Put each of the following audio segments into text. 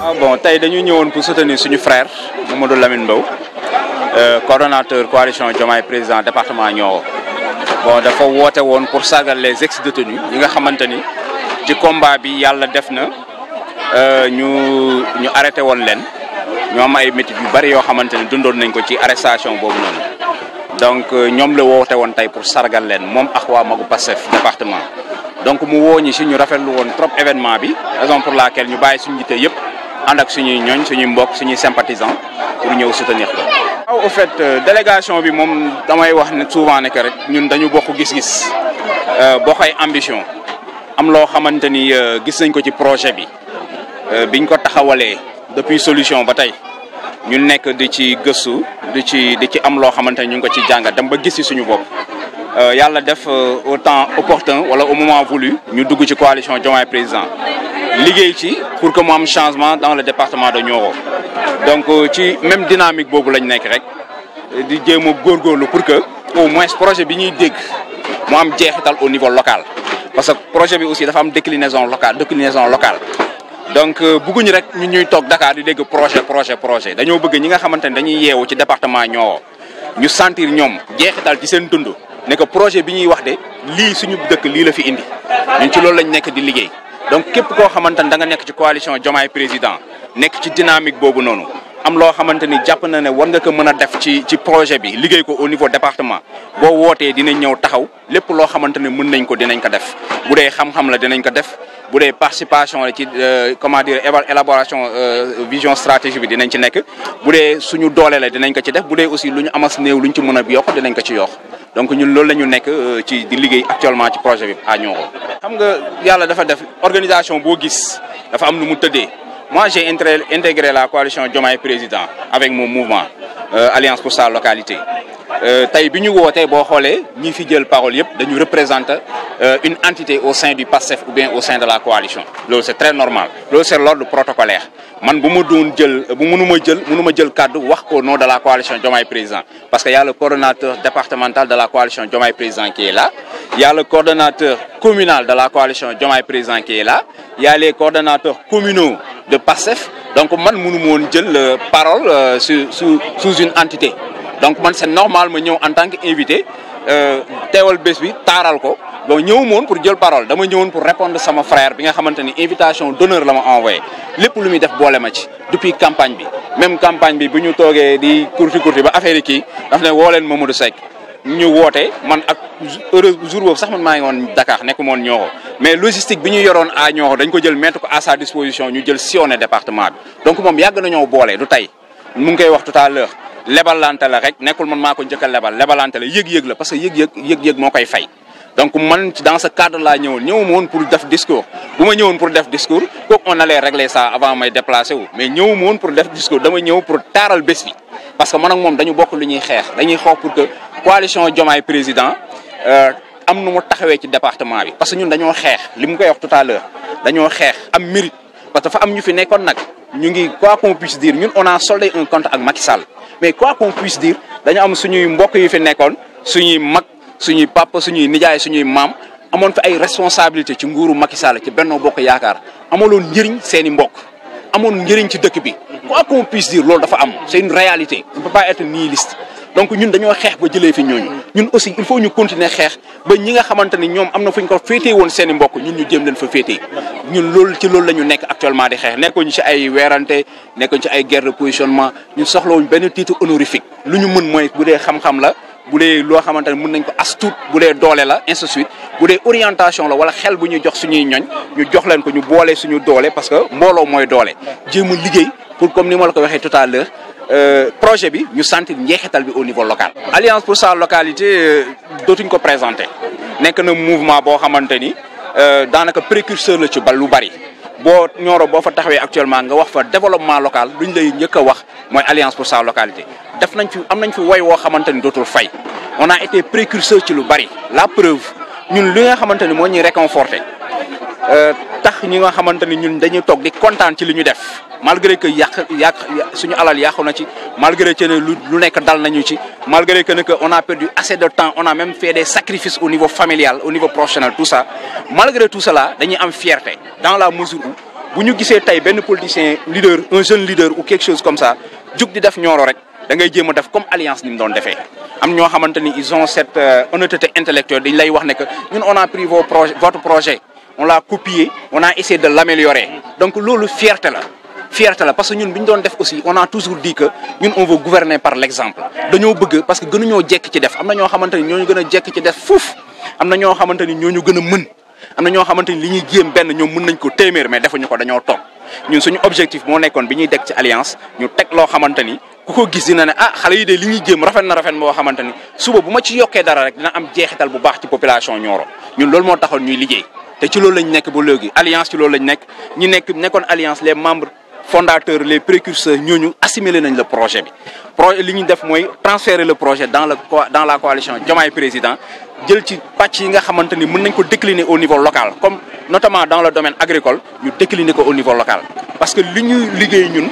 ah bon tay dañu ñëwoon pour soutenir suñu frère Mamadou Lamine euh, coordonnateur coalition Jomay président département Nioro bon dafa woté woon pour sagal les ex-détenus yi nga xamanteni ci combat bi Yalla def na euh, ñu ñu arrêté woon len. ñoo am ay métit yu bari yo xamanteni ni dundoon nañ ko ci arrestation bobu non donc euh, ñom le woté woon tay pour sargal len mom akwa magu passef département donc mu woñi ñi si ñu rafetlu woon trop événement bi raison pour laquelle ñu bayyi suñu jite yëpp ànd ak suñuy ñooñ suñuy mbokk suñuy sympathisants pour ñëw soutenir ko. waaw au fait euh, délégation bi moom damay wax ne souvent nekk rek ñun dañu bokk gis-gis euh, bokk ay ambition am loo xamante ni euh, gis nañ ko ci projet bi biñ ko taxawalee depuis solution ba tey ñu nekk di ci gëstu di ci di ci am loo xamante ñu ngi ko ci jàngat dem ba gis ci suñu bopp. yàlla def au temps opportun wala au moment voulu ñu dugg ci coalition Diomaye Président. liggéey ci pour que mu am changement dans le département de Nioro donc euh, ci même dynamique boobu lañ nekk rek di jéem a góorlu pour que au moins projet bi ñuy dégg mu am jeexital au niveau local parce que projet bi aussi dafa am déclinaison locale déclinaison locale donc euh, bëgguñu rek ñu ñuy toog dakaar di dégg projet projet projet dañoo bëgg ñi nga xamante ne dañuy yeewu ci département Nioro ñu sentir ñoom jeexital ci seen dund ne que projet bi ñuy wax de lii suñu dëkk lii la fi indi ci loolu lañ nekk di liggéey donc képp koo xamante ni da nekk ci coalition Diomaye président nekk ci dynamique boobu noonu am loo xamante ni jàpp na ne war nga ko mën a def ci ci projet bi liggéey ko au niveau département boo wootee dinañ ñëw taxaw lépp loo xamante ne mën nañ ko dinañ ko def bu dee xam-xam la dinañ ko def bu dee participation la ci euh, comment dire élaboration euh, vision stratégie bi dinañ ci nekk bu dee suñu doole la dinañ ko ci def bu dee aussi lu ñu amas néew lu ci mën a yokk dinañ ko ci yokk donc ñun loolu la ñu nekk euh, ci di actuellement ci projet bi à Nioro xam nga yàlla dafa def organisation boo gis dafa am moi j'ai intégré la coalition Diomaye Président avec mon mouvement euh, Alliance pour sa localité euh, tey bi ñu wootee boo xoolee ñi fi jël parole yépp dañu représenter euh, une entité au sein du PASSEF ou bien au sein de la coalition Lolu c'est très normal Lolu c'est l'ordre protocolaire man bu ma doon jël bu mënuma jël mënuma jël wax nom de la coalition Jomay Président parce que y a le coordonnateur départemental de la coalition Jomay Président qui est là Il y a le coordonnateur communal de la coalition Jomay Président qui est là Il y a les coordonnateurs communaux de PASSEF. donc man mënuma woon jël euh, parole sous sous une entité donc man c'est normal ma ñëw en tant qu'invité invité euh, teewal bés bi taaral ko donc ñëw moon pour jël parole dama ñëwoon pour répondre sama frère bi nga xamante ni invitation d'honneur la ma envoyé lépp lu muy def boole ma ci depuis campagne bi même campagne bi bu ñu toogee di kurti courti ba affaire yi kii daf ne woo leen Mamadou Seck ñu woote man ak heureux jour boobu sax man maa ngi woon Dakar nekku moon ñooxo mais logistique bi ñu yoroon à ñooxo dañ ko jël mettre ko à sa disposition ñu jël sillonné département bi donc moom yàgg nañoo boole du tey mu ngi koy wax tout à l'heure lebalante la rek nekul man mako jëkkal njëkk a lebal lebalante la yëg-yëg la parce que yëg-yëg yëg-yëg moo koy fay donc man dans ce cadre laa ñëwoon ñëwuma woon pour def discours buma ma ñëwoon pour def discours ko on allait régler ça avant may déplacé wu mais ñëwuma woon pour def discours dama ñëw pour taral bés bi parce que man ak mom dañu bokk lu ñuy xeex dañuy xox pour que coalition jomay président euh, am nu mu taxawé ci département bi parce que ñun dañoo xeex limu koy wax tout à l'heure dañoo xeex am mérite parce que fa am ñu fi nekkoon nak ñu ngi quoi qu'on puisse dire ñun on a soldé un compte ak Macky Sall mais quoi qu'on puisse dire dañu am suñuy mbokk yu fi nekkoon suñuy mag suñuy pap suñuy nijaay suñuy maam amoon fi ay responsabilité ci nguuru Macky Sall ci Benno Bokk Yaakaar amaloon njëriñ seen i mbokk amoon njëriñ ci dëkk bi quoi qu'on puisse dire loolu dafa am c'est réalité on peut pas être nihiliste donc ñun dañoo xeex ba jëlee fi ñooñu ñun aussi il faut ñu continuer xeex ba ñi nga xamante ni ñoom am na fu ñu ko féetee woon seen i mbokk ñun ñu jéem leen fa féetee ñun lool ci loolu la ñu nekk actuellement di xeex nekkuñ si ay weerante nekkuñ ci ay guerre de ñu soxla soxlawuñ benn titre honorifique lu ñu mën mooy bu dee xam-xam la bu dee loo xamante ne mën nañ ko as bu dee doole la ainsi de suite bu dee orientation la wala xel bu ñuy jox suñuy ñoñ ñu jox leen ko ñu boole suñu doole parce que mbooloo mooy doole jéem a pour comme ni ma la ko waxee tout Euh, projet bi ñu sentir njeexital bi au niveau local. alliance pour sa localité euh, dootuñ ko présenté nekk na mouvement boo xamante ni euh, daanaka précurseur la ci ba lu bari boo ñoro boo fa taxawee actuellement nga wax fa développement local luñ lay njëkk wax mooy alliance pour sa localité. def nañ fi am nañ fi woy woo xamante ni dootul fay on a été précurseur ci lu bari la preuve ñun li nga xamante ni moo ñuy réconforté. Euh, tax ñi nga xamanteni ñun dañuy tok di kontaan ci li ñu def malgré que yak yàq suñu alal yakuna ci malgré que lu nekk dal nañu ci malgré que ne que on a perdu assez de temps on a même fait des sacrifices au niveau familial au niveau professionnel tout ça malgré tout cela dañuy am fierté dans la mesure où bu ñu gisee tey benn politicien leader un jeune leader ou quelque chose comme ça juk di def ñooro rek da ngay jëm def comme alliance ni doon défé am ñoo xamanteni ils ont cette euh, honnêteté intellectuelle dañ lay wax nek ñun on a pris vos projet votre projet on l'a copié on a essayé de l'améliorer donc loolu fierté là. fierté là. parce que ñun bi doon def aussi on a toujours dit que ñun on veut gouverner par l'exemple dañoo bëgg parce que gënuñoo jekk ci def am na ñoo xamante ni ñooñu gën a jekk ci def Fouf! am na ñoo xamante ni ñooñu gën a mën am na ñoo xamante li ñuy jéem benn ñoom mën nañ ko téeméer mais defuñu ko dañoo toog ñun suñu objectif mo nekkon biñuy ñuy ci alliance ñu teg lo xamanteni ni ku ko gis dina ne ah xalé yi de li ñuy jéem rafet na rafet mo xamanteni suba bu ma ci yokkee dara rek dina am jeexital bu baax ci population Nioro ñun loolu mo taxoon ñuy liggéey c'est ci loolu lañ nekk L'alliance, alliance ci loolu lañ nekk ñu nekk alliance les membres fondateurs les précurseurs avons assimilé le projet bi projet li transférer le projet dans le dans la coalition Diomaye Président jël ci pàcc yi nga xamante décliner au niveau local comme notamment dans le domaine agricole ñu décliner ko au niveau local parce que ce ñuy ñun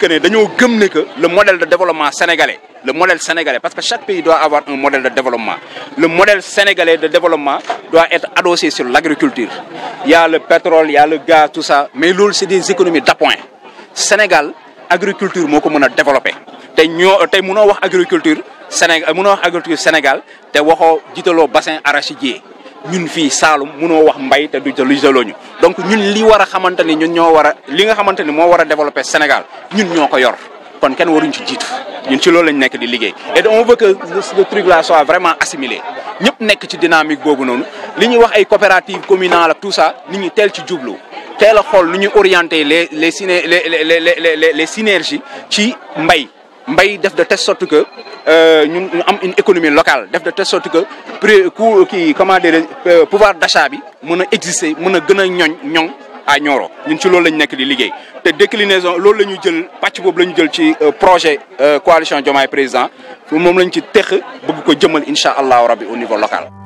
que ne dañoo gëm que le modèle de développement sénégalais le modèle sénégalais, parce que chaque pays doit avoir un modèle de développement. Le modèle sénégalais de développement doit être adossé sur l'agriculture. Il y a le pétrole, il y a le gaz, tout ça, mais l'eau, c'est des économies d'appoint. Sénégal agriculture moo comment on a développé te ñoo wax agriculture Sénégal mënoo wax agriculture Sénégal te waxoo bassin arachidier ñun fi Saalum mëno wax mbay te du jiitaloo donc ñun li wara a ñun ño wara li nga mo wara Sénégal ñun ñoo yor kon kenn waruñ ci jiitu ñun ci loolu lañ nekk di liggéey et on veut que le truc là soit vraiment assimilé ñëpp nekk ci dynamique boobu noonu li ñuy wax ay coopérative communale ak tout ça nit ñi teel ci jublu teel a xool lu ñuy orienté les les syné les les les synergies ci mbay. mbay def de telle sorte que euh, ñun ñu am une économie locale def de telle sorte que prix qui euh, kii comment dire euh, pouvoir d'achat bi mën a exister mën a gën a ñoñ ñoŋ. à Nioro ñun ci loolu la nekk di liggéey te déclinaison loolu la ñu jël pacc boobu la ñu jël ci euh, projet euh, coalition Diomaye président moom la ci tex bëgg ko jëmal incha allahu rabbi au niveau local.